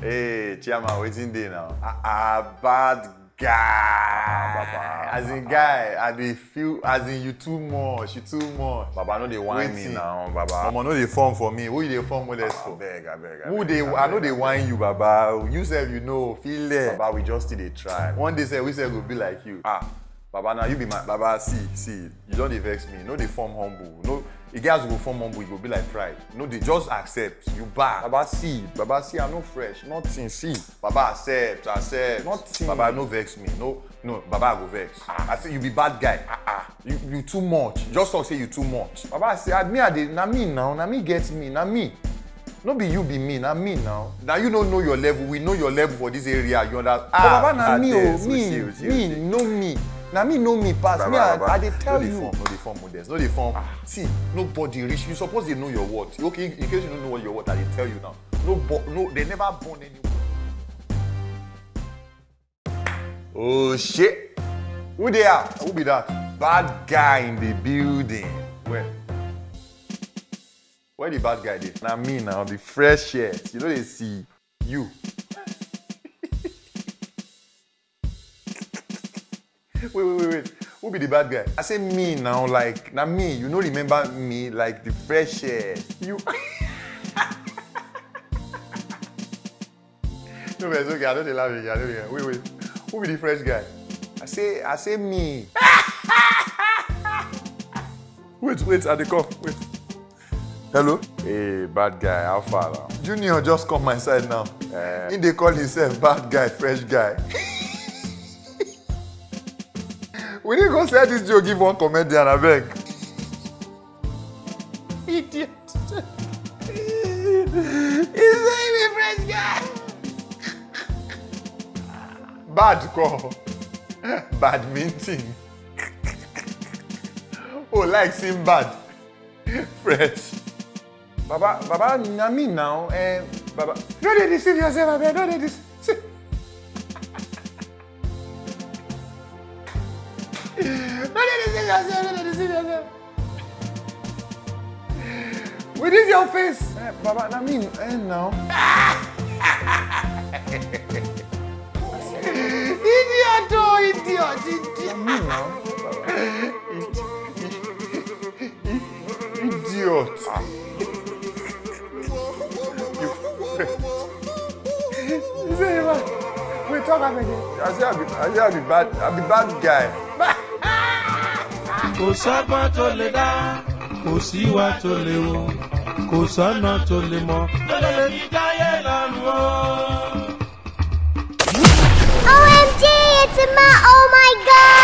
Hey, what's in there now. A ah, ah bad guy. Ah, as in guy, I dey feel as in you too much, you too much. Baba know they whine me now, Baba. mama know they form for me. Who they form with us ah, for? Abeg, abeg, ah, abeg. Who they? I no they whine you, Baba. You said you know, feel there. Baba, we just did a try. One day sef we said we'll be like you. Ah, Baba, now you be my Baba. See, see, you don't vex me. No they form humble. No e gats go form humble you go be like pride no dey just accept you bad. baba see baba see i no fresh nothing see. baba accept accept nothing baba no vex me no no baba i go vex ah. i say you be bad guy ah ah you you too much just talk say you too much. baba say me i dey na me now na me get me na me no be you be me na me now. na you no know your level we know your level for this area you understand. but ah, baba na ah, me o me me no me na me know me pass me i dey tell you no dey form no dey form no dey form see nobody reach you suppose dey know your word okay in case you no know your word i dey tell you now no no they never born anyone. oh shit who dey ah who be that bad guy in the building where where the bad guy dey Now me now the fresh air you know they see you wait, wait, wait, wait. Who be the bad guy? I say me now, like now me. You know, remember me like the fresh air. You. no, but it's okay. I don't dey laugh I don't dey. Wait, wait. Who be the fresh guy? I say, I say me. wait, wait. I dey come. Wait. Hello? Hey, bad guy, how far Junior just come my side now. Uh, he they call himself bad guy, fresh guy. we need go sell this joke give one comedian abeg. idiot. he say he be french guy. bad call Bad badminton oh like seem bad fresh. baba baba na me now eh, baba no dey deceive yourself abeg no dey deceive. With is your face. Eh, Baba, I mean, eh, now. idiot, oh, idiot, idiot. I mean, now. Idiot. you say, man, we talk about it. I say, I'll be, I say, I'll be bad, I'll be bad guy kò sọ́gbọ́n tó lè dá kò síwá tó lè wò kò sọ́nà tó lè mọ̀ tó lè dáyé lọ́rùn o. OMG, it's my oh my god!